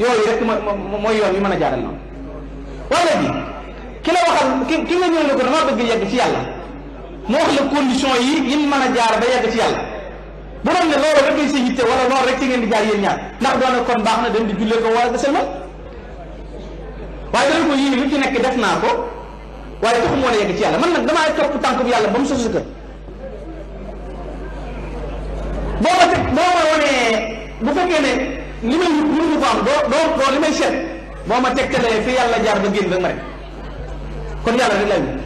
yooyu rek mooy mooy yoon yu mën a jaaral noonu wala bi ki la waxal ki ki nga ñëw ne ko dama bëgg yegg ci yàlla mu wax la condition yi yin mën a jaar ba yegg ci yàlla bu doon ne loolu rek ngay sa yitte wala loolu rek ci ngeen di jaar yéen ñaar ndax doon na kon baax na dem di jullee ko wala desal ma waaye dana ko yii li ci nekk def naa ko waaye taxu moo ne yegg ci yàlla man nag damaa topp tànk bu yàlla ba mu sosu sa kër boo ma boo ma wanee bu fekkee ne li may wut mënuñu ko am doo doo doo li may seet boo ma tegtalee fi yàlla jaar ba génn rek ma rek kon yàlla rek lay wut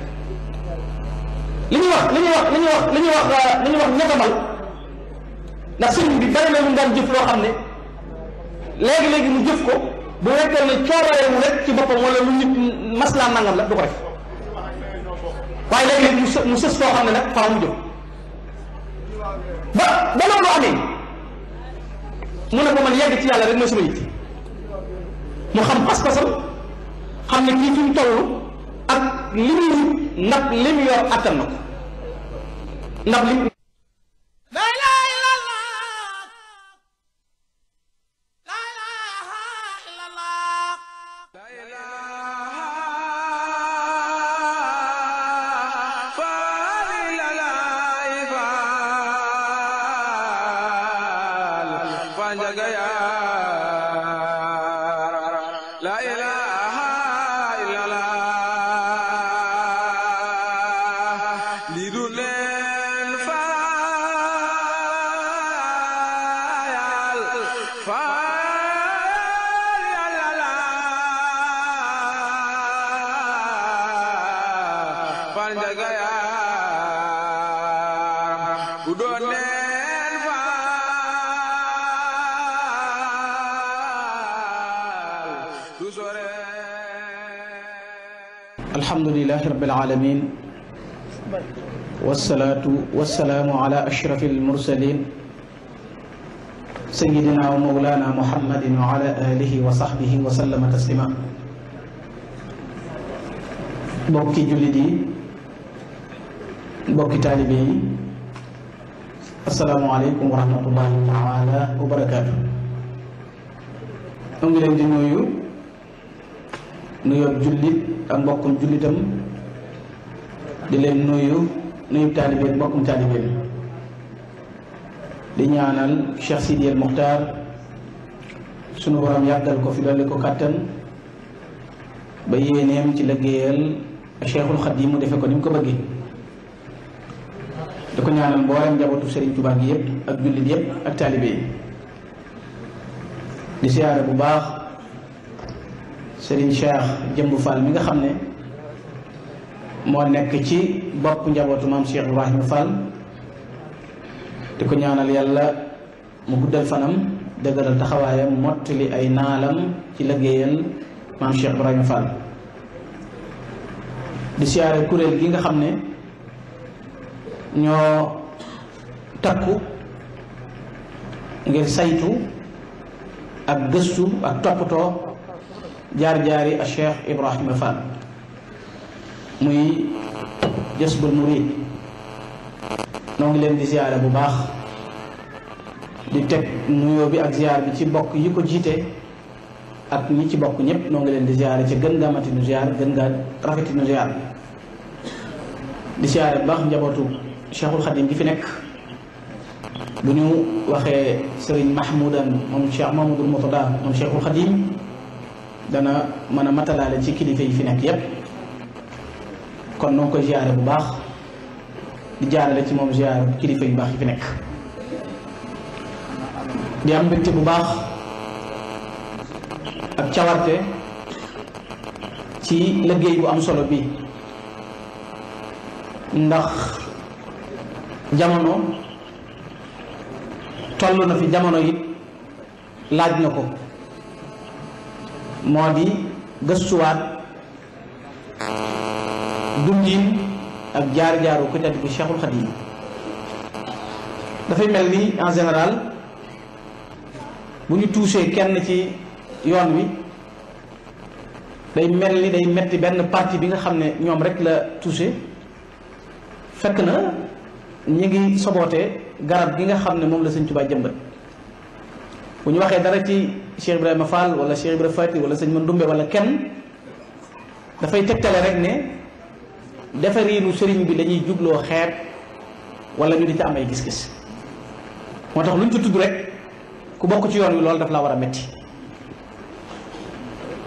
li ñuy wax li ñuy wax li ñuy wax li ñuy wax euh, li ñuy wax ñetamal ndax sëriñ bi bari na lu daan jëf loo xam ne léegi-léegi mu jëf ko bu fekkee ne coobarewu rek ci boppam wala lu nit maslaa nangam la du ko def waaye léegi-léegi mu sës foo xam ne nag faaw mu jëf ba ba loolu amee mu ne ko man yegg ci yàlla rek mooy sama mu xam pas-pasam xam ne kii mu toll ak li muy wut ndax yor attan na ko ndax मान गया رب العالمين والصلاة والسلام على أشرف المرسلين سيدنا ومولانا محمد وعلى آله وصحبه وسلم تسليما بوكي جلدي بوكي طالبي السلام عليكم ورحمة الله تعالى وبركاته أمي لن نيو نيو جلد أم بوكم جلدم di leen nuyu nuyu taalibe mbokkum taalibe bi di ñaanal Cheikh Sidi El Muxtaar sunu borom yàggal ko fi dolli ko kàttan ba yéeneem ci liggéeyal Cheikhul yi mu defe ko ni mu ko bëggee di ko ñaanal mboolem njabootu Serigne Touba gi yëpp ak jullit yëpp ak taalibe yi di siyaare bu baax Serigne Cheikh Jëmb Fall mi nga xam ne moo nekk ci bopp njabootu maam Cheikh Ibrahima Fall di ko ñaanal yàlla mu guddal fanam dëgëral taxawaayam mottali ay naalam ci liggéeyal maam Cheikh Ibrahima Fall di siyaare kuréel gi nga xam ne ñoo takku ngir saytu ak gëstu ak toppatoo jaar-jaari a Cheikh Ibrahima Fall muy Jazbul Murid noo ngi leen di ziyaare bu baax di teg nuyoo bi ak ziyaar bi ci bokk yi ko jiite ak ñi ci bokk ñëpp noo ngi leen di ziyaare ci gën gaa matinu ziyaar gën gaa rafetinu ziyaar di ziyaare bu baax njabootu Cheikhul Khadim gi fi nekk bu ñu waxee sëriñ Mahmoudan moom Cheikh Mahmoudul Moutada moom Cheikhul Khadim dana mën a matalaale ci kilifa yi fi nekk yépp kon noo ngi koy ziare bu baax di jaarale ci moom ziare kilifa yu baax yi fi nekk di am mbégte bu baax ak cawarte ci liggéey bu am solo bi ndax jamono toll na fi jamono it laaj na ko moo di gëstuwaat dundin ak jaar-jaaru ku tedd bu Cheikhul Khadim dafay mel ni en général bu ñu touché kenn ci yoon wi day mel ni day metti benn parti bi nga xam ne ñoom rek la touché fekk na ñi ngi soboote garab gi nga xam ne moom la sëñ Tuubaa jëmbat bu ñu waxee dara ci Cheikh Ibrahima Fall wala Cheikh Ibrahima Fati wala sëñ Mandoumbe wala kenn dafay tegtale rek ne defariinu sëriñ bi dañuy jubloo xeet wala ñu di ci am ay gis-gis moo tax luñ ci tudd rek ku bokk ci yoon wi loolu daf laa war a metti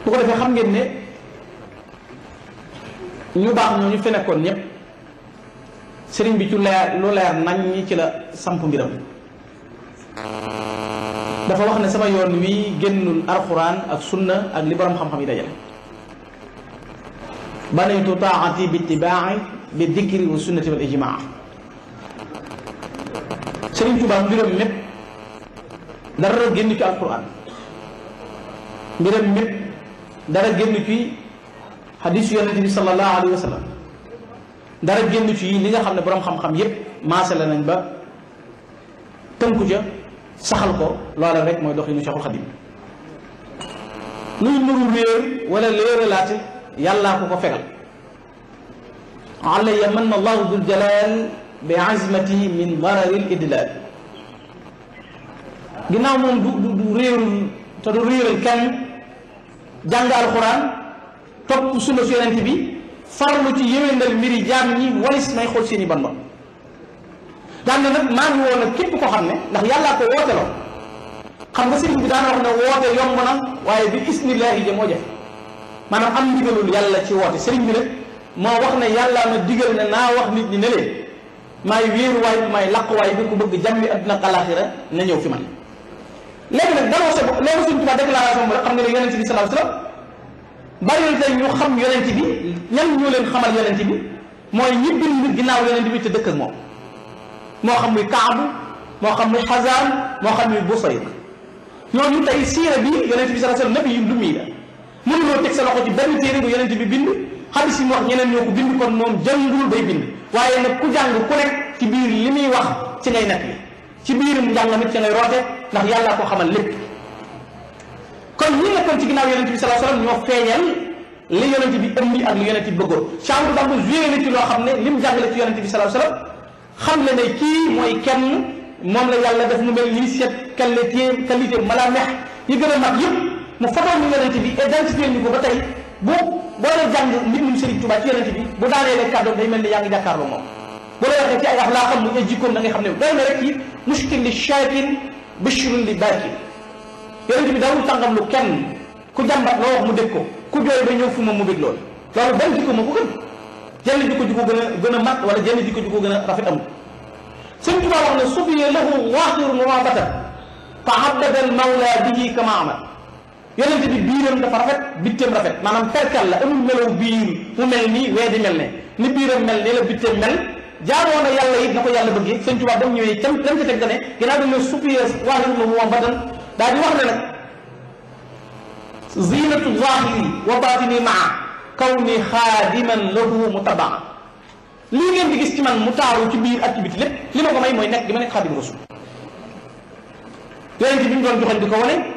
bu ko defee xam ngeen ne ñu baax ñooñu fi nekkoon ñëpp sëriñ bi ci leer lu leer nañ ñi ci la samp mbiram dafa wax ne sama yoon wi génnul alxuraan ak sunna ak li borom xam-xam yi dajale بنيت طاعتي باتباعي بالذكر والسنة والإجماع سليم جبان ميرم ميب درر جنك القرآن ميرم ميب درر جنك حديث يالنبي صلى الله عليه وسلم درر جنك لنجا خمنا برام خم خم يب ما سلنا نبا تنكو جا سخل قو لا لا رك ما يدخل نشاق الخديم نور نور رير ولا لير لاتي yàllaa ko ko fegal alaya man allahu dul jalal bi azmatihi min dararil idlal ginnaaw moom du du réerul te du réeral kenn jàng alxuraan topp sunna su yonent bi farlu ci yéwéndal mbiri jaam ñi walis may xool seeni ban ban daan na nag maa ngi woon képp ko xam ne ndax yàllaa ko wooteloo xam nga sëriñ bi daan wax ne woote yomb na waaye bi ismillahi ja moo jafe maanaam am ndigalul yàlla ci woote sëriñ bi nag moo wax ne yàlla ma digal ne naa wax nit ñi ne leen maay wéeruwaay bi maay làquwaay bi ku bëgg jàmmi adduna xalaaxira na ñëw fi man léegi nag daloo sa bopp loolu suñ tubaab déclaration bi la xam nga ne yonent bi salaaw salaam bari na tey ñu xam yonent bi ñan ñoo leen xamal yonent bi mooy ñi bind ginnaaw yonent bi te dëkk ak moom moo xam muy Kaabu moo xam muy Xazaan moo xam muy Busayr ñooñu tey siira bi yonent bi salaaw salaam nabi yu ndum yi la mënuloo teg sa loxo ci benn téere bu yonent bi bind xadis yi mu wax ñeneen ñoo ko bind kon moom jàngul bay bind waaye nag ku jàng ku nekk ci biir li muy wax ci ngay nekk ci biirum njàngamit ci ngay roote ndax yàllaa ko xamal lépp kon ñi nekkoon ci ginnaaw yonent bi sallallahu alayhi wasallam ñoo feeñal li yonent bi ëmbi ak li yonent bi bëggoon chambre bambu joué na ci loo xam ne lim jàngale ci yonent bi sallallahu alayhi xam le ne kii mooy kenn moom la yàlla def mu mel nii seet qualité qualité mala mex yi gën a mag yëpp mu fotoon ñu yonent bi identifié ñu ko ba tey bu boo dee jàng nit ñi Serigne Touba ci yonent bi bu daaneelee kàddoom day mel ni yaa ngi jàkkaarloo moom bu la waxee ci ay wax mu ay jikkoom da ngay xam ne doy na rek ci mushkin li shaakin bashirun li baakin yonent lu kenn ku jàmbat loo mu dégg ko ku jooy ba ñëw fu moom mu bég loolu loolu benn jikko ma ko gën jenn jikko ju ko gën a gën a mat wala jenn jikko ju ko gën a rafet amul Serigne Touba wax ne sufiye al mawla bihi kama amal yonent bi biiram dafa rafet bitteem rafet maanaam perkal la amul melaw biir mu mel nii wee di mel ne ni biiram mel nii la bitteem mel jaamoo na yàlla it na ko yàlla bëggee sëñ Tuubaa ba mu ñëwee cam lam ca teg dane ginnaaw dañ la suppiye waahiru la mu wam badan daal di wax ne nag zinatu zahiri wa batini maa kaw ni xaadiman mu mutabaa lii ngeen di gis ci man mu taaru ci biir ak ci biti lépp li ma ko may mooy nekk gi ma nekk xaadim rasul yonent bi mu doon joxañ di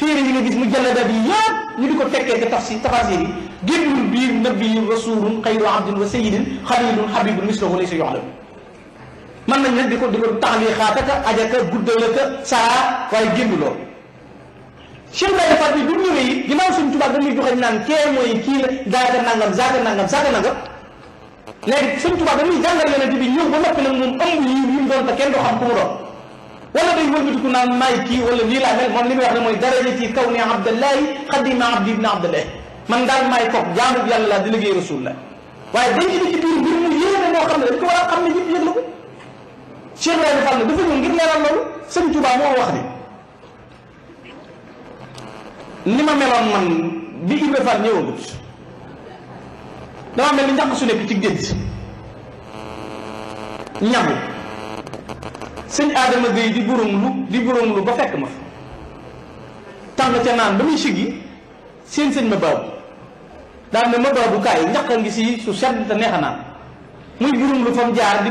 téere yi nga gis mu jalladaat yi yëpp ñu di ko fekkee ka tafsir tafasir yi génnul biir nabiyun rasulun xayru abdin wa sayidin xalilun habibun mislahu laysa yu'lam mën nañ nag di ko di ko taxliixaataka ajaka guddalaka saa waaye génn lool Cheikh Baye Fat bi bu ñëwee yi ginnaaw suñ tubaab dañuy joxe naan kee mooy kii la zaaka nangam zaaka nangam zaaka nangam léegi suñ tubaab dañuy jàngal yonent bi ñëw ba noppi nag moom ëmb yi ñu doon te kenn doo xam ku mu doon wala day wëlbatiku naan maay kii wala nii laa mel moom li muy wax ne mooy daraja ci kaw ni abdallahi man daal maay koog jaamu laa di liggéey waaye dañ ci ci xam ne dañ a xam ne ñëpp yëg na ko wax ni ma meloon man bi mel ni njàq su nekk ci géej ñagu sëñ Adama Gueye di burum lu di burum lu ba fekk ma fa tàng ca naan ba muy siggi seen sëñ ma baabu daal ne ma baabu kaay njaq a ngi si su sedd te neex a naan muy burum lu fa mu jaar di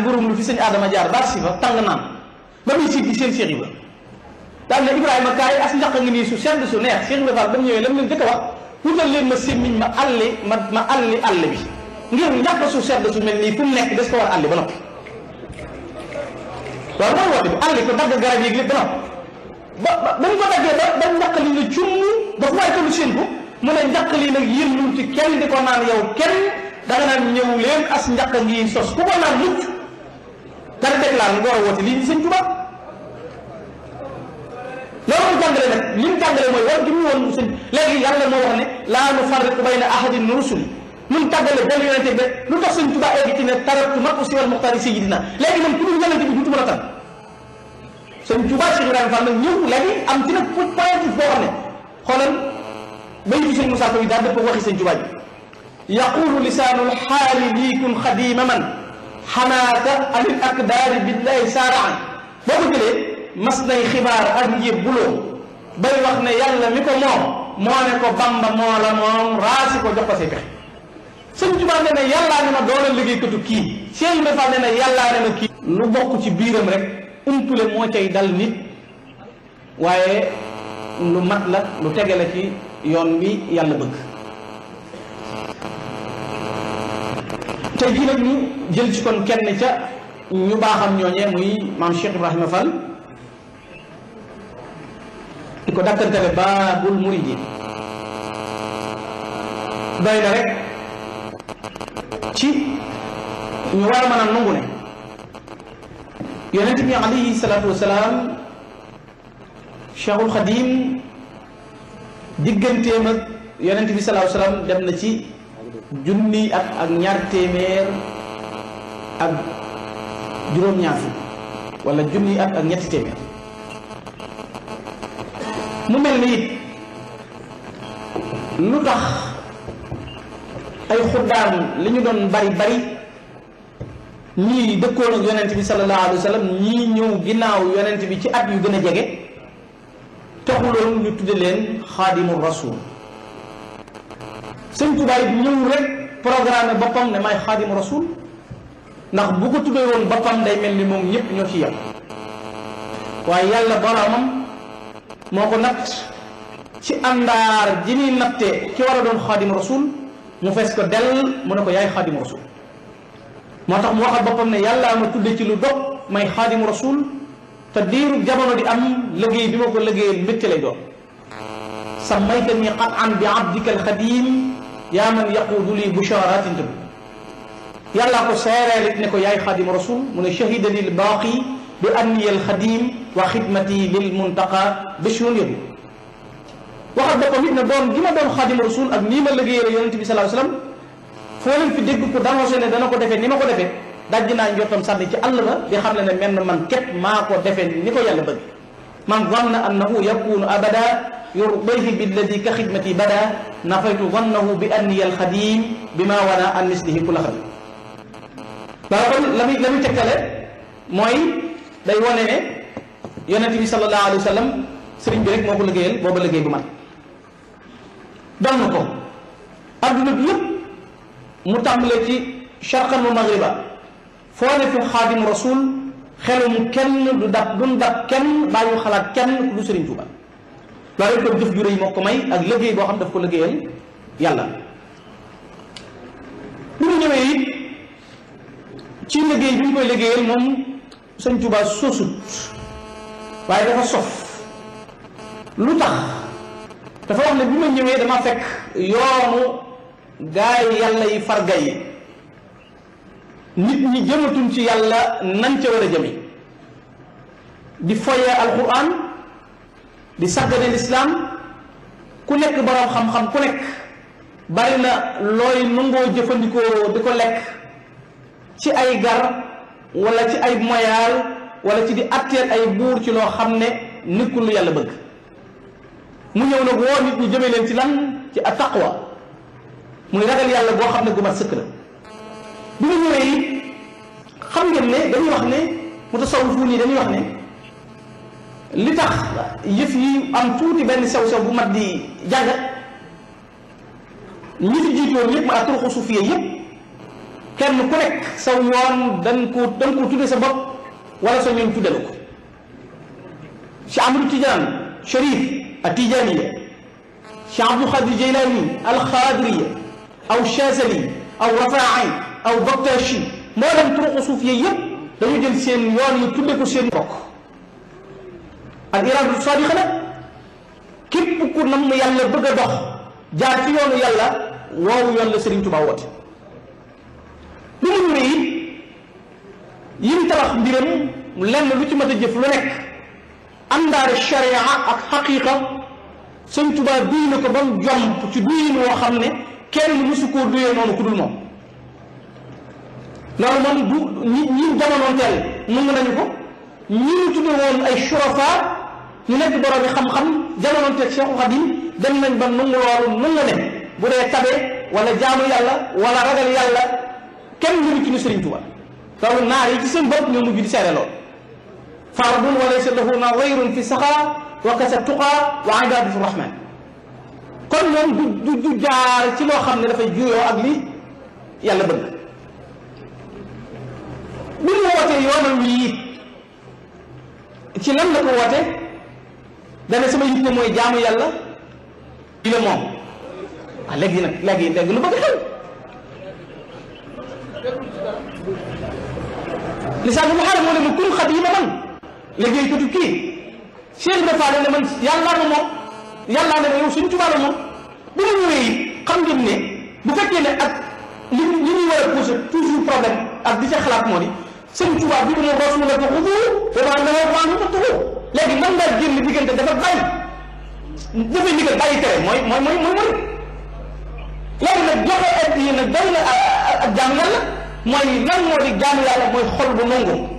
jaar baar si fa tàng naan ba muy siggi seen ne Ibrahima kaay as njaq a ngi nii su sedd su neex Cheikh Ibra Fall ba mu ñëwee lam leen dëkk wax wutal leen ma sémmiñ ma àlli ma ma àll bi ngir njaq su sedd su mel nii fu mu nekk des ko war àlli ba noppi loolu mooy woote bi àll ko dagg garab yi lépp dana ba ba ko daggee ba ba njaq li ne dafa waay tollu seen ko mu ne njaq lii nag yëllul ci kenn di ko naan yow kenn danga naan ñëw leen as njaq ngi sos ku ko naan mucc dara déclare nga war a woote lii ñu sëñ Tuubaa loolu mu jàngale nag li mu jàngale mooy war gi mu woon sëñ léegi yàlla moo wax ne laa nufarriqu bayna ahadin min rusuli mun tàggale benn yonente bi lu tax sëñ Tuubaa egg ci ne taratu ma usiwal muxtaari sayyidina léegi moom ku dul yonente bi duutu mën a tan sëñ Tuubaa Cheikh Ibrahima Fall nag ñëw léegi am ci nag pointif boo xam ne xoolal bayitu sëñ Moussa Faye daal dëpp waxi sëñ Tuubaa ji yaqulu lisaanul xaali liikun xadiima man xanaata anil akdaari billahi saaraan boo ko jëlee mas nay xibaar ak njëb buloo wax ne yàlla mi moom moo ko bamba moo la moom raasi ko jox ko say sëñ Tuubaa nee na yàllaa ne ma dooleel liggéeykatu kii Cheikh Ibrahima Fall nee na yàllaa ne ma kii lu bokk ci biiram rek umpule moo cay dal nit waaye lu mat la lu tege la ci yoon bi yàlla bëgg tey jii nag ñu jël ci kon kenn ca ñu baaxam ñooñee muy maam Cheikh Ibrahima Fall di ko dakkantale baabul muridi doy na rek ci ñu war a mën a nangu ne yonent bi alayhi salaatu wasalaam Cheikhul Xadim digganteem ak yonent bi salaatu wasalaam dem na ci junni at ak ñaar téeméer ak juróom-ñaar fukk wala junni at ak ñetti téeméer mu mel ni lu tax ay xuddaan li ñu doon bari bari ñii dëkkoon ak yonent bi sallallahu la wa sallam ñii ñëw ginnaaw yonent bi ci at yu gën a jege taxuloon ñu tudde leen xaadimu rasul sëñ Tuubaa it ñëw rek programme boppam ne may xaadimu rasul ndax bu ko tuddee woon boppam day mel ni moom ñëpp ñoo ci yem waaye yàlla boroomam moo ko natt ci àndaar ji ñuy natte ki war a doon xaadimu rasul mu fess ko del mu ne ko yaay khadim rasul motax mu waxal bopam ne yalla ma tudde ci lu dog may khadim rasul ta diru jabono di am liggey bima ko liggey metti lay doon sammaytani qatan bi abdika al-khadim ya man yaqud li busharatin tub yàllaa ko seereel it ne ko yaay xaadimu rasul mu ne shahida lil baaqi bi anniya alxadim wa xidmati lil muntaqa bishun yabi waxal boppam it ne doon gi ma doon xaadimu rasul ak nii ma liggéeyal yonente bi sallallahu alayhi wasallam foo leen fi dégg ko danoose ne dana ko defee ni ma ko defee dajji naa njottam sànni ci àll ba di xam ne ne menn man képp maa ko defee ni ko yàlla bëgg man zanna annahu yakunu abada yurdayhi billadi ka xidmati bada nafaytu zannahu bi anniya alxadim bi ma wana an mislihi kula xadim baa kon la muy la muy tegtale mooy day wone ne yonente bi sallallahu alayhi wa sallam sëriñ bi rek moo ko liggéeyal booba liggéey bu mat doon na ko adduna bi yëpp mu tàmbalee ci charqan wa magriba foo ne fi xaadim rasul kenn du dab du mu dab kenn bàyyi xalaat kenn du Serigne Touba loolu ko jëf ju rëy ko may ak liggéey boo xam daf ko liggéeyal yàlla bu ñu ñëwee it ci liggéey bi ñu koy liggéeyal moom Serigne Touba soosut waaye dafa sof lu tax dafa wax ne bi ma ñëwee dama fekk yoonu gaay yàlla yi farga yi nit ñi jëmatuñ ci yàlla nan ca war a jëmi di foye alquran di sàggane lislaam ku nekk boroom xam-xam ku nekk bari na looy nangoo jëfandikoo di ko lekk ci ay gar wala ci ay moyaal walla ci di atteel ay buur ci loo xam ne nekkul lu yàlla bëgg mu ñëw nag woo nit ñi jëmee leen ci lan ci at taqwa muy ragal yàlla boo xam ne gu mat sëkk la bi mu ñëwee it xam ngeen ne dañuy wax ne mu tasawufu nii dañuy wax ne li tax yëf yi am tuuti benn saw saw bu mat di jàngat ñi fi jiitoon yëpp ma ak turuxu suufiye yëpp kenn ku nekk saw yoon dañ ko dañ ko tudde sa bopp wala sa ñoom tuddelu ko si Amadou Tidiane Chérif التجانية شيخ عبد القادر الجيلاني الخادرية أو الشاذلي أو رفاعي أو بكتاشي مولم طرق صوفية يب dañu jël seen yoon yi tudde ko seen bokk al iradu sadiqa nag képp ku nam yàlla bëgg a dox jaar ci yoonu yàlla woowu yoon la Serigne Touba woote lu mu ñëwee it yim tabax mbiram lenn lu ci mat a jëf lu nekk اندار الشريعه اك حقيقه سن توبا دين كو بام جوم تي دين مو خامني كين موسوكو دوي نونو كودول موم لا مان ني ني دامالون تيل نون نانيو كو ني تودي وون اي شرفا ني نك بروبي خام خام دامالون تيل شيخو خديم دم نان بام نون لولو نون لا نيم بودي ولا جامو يالا ولا رغال يالا كين ني تي ني سيرن توبا سن بوب نيو مو جي سيرلو فرد وليس له نظير في السقاء وكس التقى وعذاب الرحمن كل يوم جار تلو خمنا في جوي وأغلي يلا بنا من هو تيوان الويت تلم لك هو تي دانا سما يتنا مو يجامو يلا إلى مو لاجي لاجي لاجي لاجي لاجي لسان المحارم ولم يكن خديما من liggéeykatu kii Cheikh Ibra Fall ne man yàllaa na moom yàllaa ne ma yow suñ tubaab la moom bu ñu ñëwee xam ngeen ne bu fekkee ne ak li li ñuy war a pousser toujours ak di ca xalaat moo di sëñ tubaab bi mu rasul la ko xudu te maa nawee waa nga tuxu léegi nan ngaa génn diggante dafa bàyyi dafay ndigal bàyyi tere mooy mooy mooy mooy mooy léegi nag joxe at yi nag doy ak jaamu yàlla mooy lan moo di jaamu yàlla mooy xol bu nangu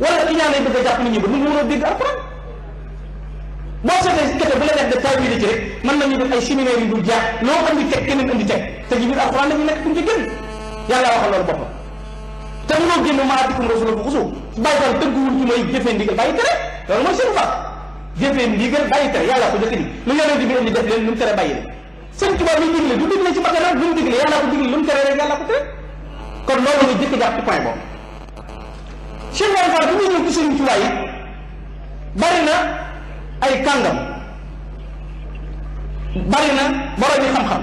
wala iñaa lay bëgg a jàpp nit ñi ba nu mu a dégg alquran boo seetee kete bu la def de tawilé ci rek mën nañu def ay séminaire yu dul jeex loo andi teg keneen andi teg te ci biir alquran dañu nekk duñ ci génn yàlla waxal génn ma aatikum rasula bu xusu bàyyi daal tëgguwul ci mooy jëfee ndigal bàyyi tere loolu mooy seen faax jëfee ndigal bàyyi tere yàlla ko jëkk ni lu yonent bi indi def leen lu mu tere bàyyi leen sëñ Tuubaa luy digle du digle lu mu digle yàlla ko digle lu mu tere rek yàlla ko tere kon loolu nga jëkk jàpp ci point Cheikh Ibrahima Fall bu muy ñëw ci Serigne Touba yi bari na ay kàngam bari na borom yi xam-xam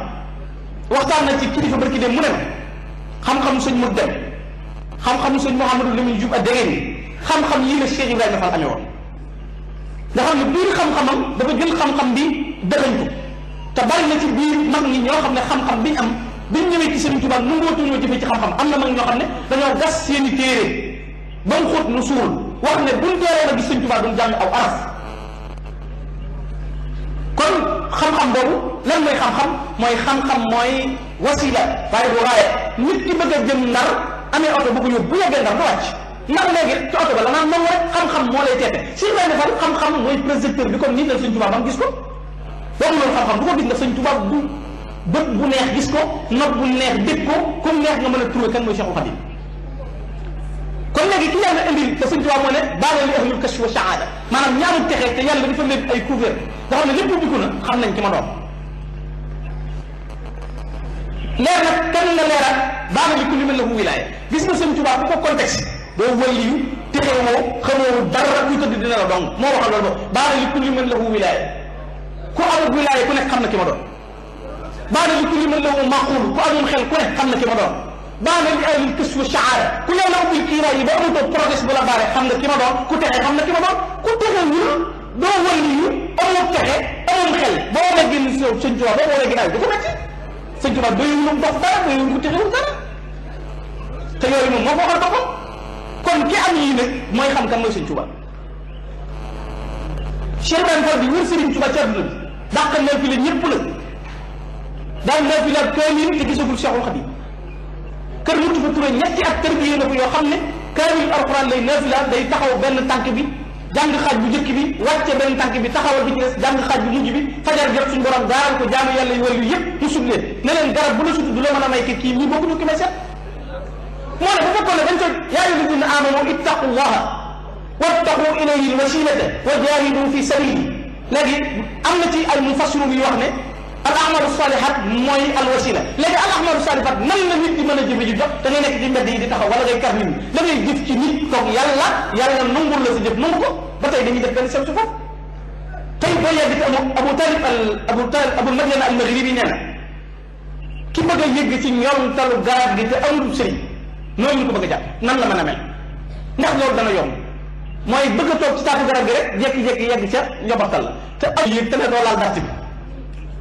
waxtaan na ci kilifa barki dem mu ne xam-xam sëñ mu dem xam-xam sëñ Mouhamadou Lamine Diop ak dégeen yi xam-xam yii la Cheikh Ibrahima Fall amee woon xam xam-xamam dafa jël xam-xam bi dëxañ ko te bari na ci biir mag ñoo xam ne xam-xam biñ am biñ ñëwee ci Serigne Touba nangootuñoo jëfee ci xam-xam am na mag ñoo xam ne dañoo gas seeni téere منخوت نصول وحنا بنتي أنا بسنت بعد الجامعة أو أرف كل خم خم بابو لم يخم خم ما يخم خم ما يوسيلة باي بغاية نتي بقى جم نار أنا أنت بقول يو بيا جم نار نواج نار نيجي أنت بقول أنا نوع خم خم ما لي تيتة سير بعدين فارو خم خم ما يبرزتير بيكون نين نسنت بعد الجامعة بيسكو لو نور خم خم بقول بين نسنت بعد بب بنيه بيسكو نب بنيه بيكو كم نيه نمرة تروي كان ما يشوفه هذي kon léegi ki yàlla indil te sëñ tubaab mo ne balal li ahlul kashf wa shahada manam ñaarul texe te yàlla dafa lépp ay couvert da xamne lépp ubbiku na xam nañ ci ma doom leer nak kan la leeral baala li kulli man wilaya gis na sëñ tubaab bu ko contexte do doo texe mo xamoo dara kuy tëdd dina la dong mo waxal loolu ba baala li kulli man wilaya ku amul wilaya ku nek xam na ki ma doon baala li kulli man maqul ku amul xel ku nek xam na ki ma doon baax na li ay lil kës fu shaara ku ñëw na ubbil kiiraay yi ba amatoo progrès bu la baare xam nga ki ma doon ku texe xam nga ki ma doon ku texe wul doo wàllu yu amoo texe amoo xel boo war a génn si yow sëñ Tuubaa boo war a ginnaaw di ko métti sëñ Tuubaa doyul lu mu dox dara doyul ku texewul dara te yooyu moom moo ko waxal boppam kon ki am yii nag mooy xam kan mooy sëñ Tuubaa Cheikh Ibrahima Fall di wër Sëriñ Tuubaa ci àdduna bi dàq naa fi la ñëpp la daan naa fi la kaamil te gisagul Cheikhul Xadim kër Moustapha Touré ñetti at tërbiye na ko yoo xam ne kaamil alxuraan lay naafila day taxaw benn tànk bi jàng xaaj bu njëkk bi wàcce benn tànk bi taxawal bi ci des jàng xaaj bu mujj bi fajar jot suñu borom daaral ko jaamu yàlla yu wàllu yëpp mu sut leen ne leen garab bu la sut du la mën a may kii ñi bokkuñu ki ma set moo ne bu fekkoon ne dañ ko yaa ayyuha alladina amanu ittaqullaha wattaqu ilayhi alwasilata wa jahidu fi sabili léegi am na ci ay mufassiru bi wax ne al ahmalu salihat mooy al wasila léegi al ahmalu salihat nan la nit di mën a jëfe ji jot da ngay nekk yi di wala ngay kar nit ñi da ngay jëf ci nit toog yàlla yàlla nangul la sa jëf nangu ko ba tey dañuy def benn sew si foofu tey boo yegg ci abu talib abu talib al maghribi nee na ki bëgg a yëgg ci ñoom talu garab gi te amul sëriñ noonu ñu ko bëgg a nan la mën a mel ndax loolu dana yomb mooy bëgg a toog ci taatu garab gi rek jékki-jékki yegg ca njobaxtal la te am yëg te ne doo laal dàtt bi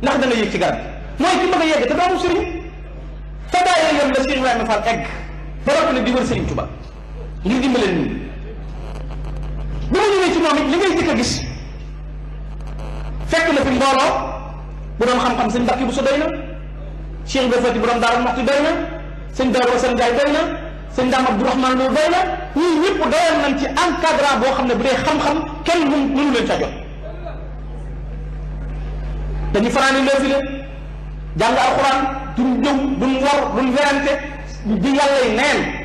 ndax da nga yéeg ci garab bi mooy ki bëgg a yegg te doomu sëriñ fa daayee yoon la Cheikh Ibrahima Fall egg ba rëpp ne di wër sëriñ Tuba ngir dimbaleen nii bi mu ñëwee ci moom it li ngay jëkk a gis fekk na fi mbooloo bu doon xam-xam sëñ Mbàkke bu so doy na Cheikh Ibrahima Fati bu doon Daaru Muxti doy na sëñ Daaru Asan Njaay doy na sëñ Daam Abdourahmane Lo doy ci encadrement boo xam ne bu dee xam-xam kenn mënu leen ca jot dañu fanaani loosi la jàng alxuraan duñ jëw duñ wor duñ werante di yàlla yi neen